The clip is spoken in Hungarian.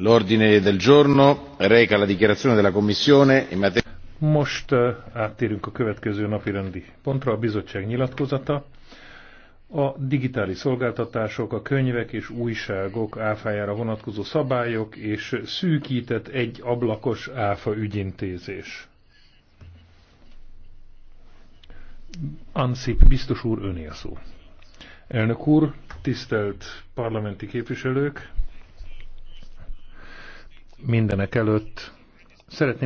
L'ordine del giorno reca la dichiarazione della Commissione in materia... Most eh, áttérünk a következő napirendi. pontra, a bizottság nyilatkozata. A digitális szolgáltatások, a könyvek és újságok áfájára vonatkozó szabályok és szűkített egy ablakos áfa ügyintézés. Ansip biztos úr a szó. Elnök úr, tisztelt parlamenti képviselők, mindenek előtt szeretném